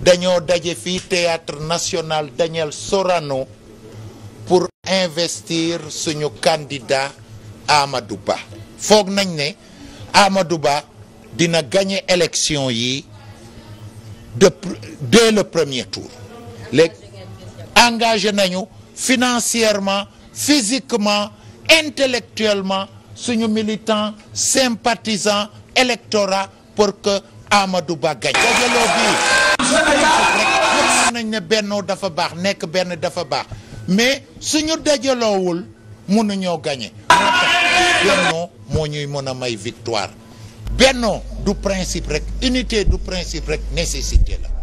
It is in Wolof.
dañoo daje fi teatre national Daniel Sorano pour investir suñu candidat Amadou foog nañ ne Amadou Ba dina gañe élection yi de dès le premier tour léegi engagé nañu financièrement physiquement intellectuellement suñu militant sympathisant électorat pour que Amadou Ba xam nañ ne bennoo dafa baax nekk benn dafa baax mais suñu dajaloowul mënuñoo gañe bennoo moo ñuy mën a may victoire bennoo du principe rek unité du principe rek nécessité la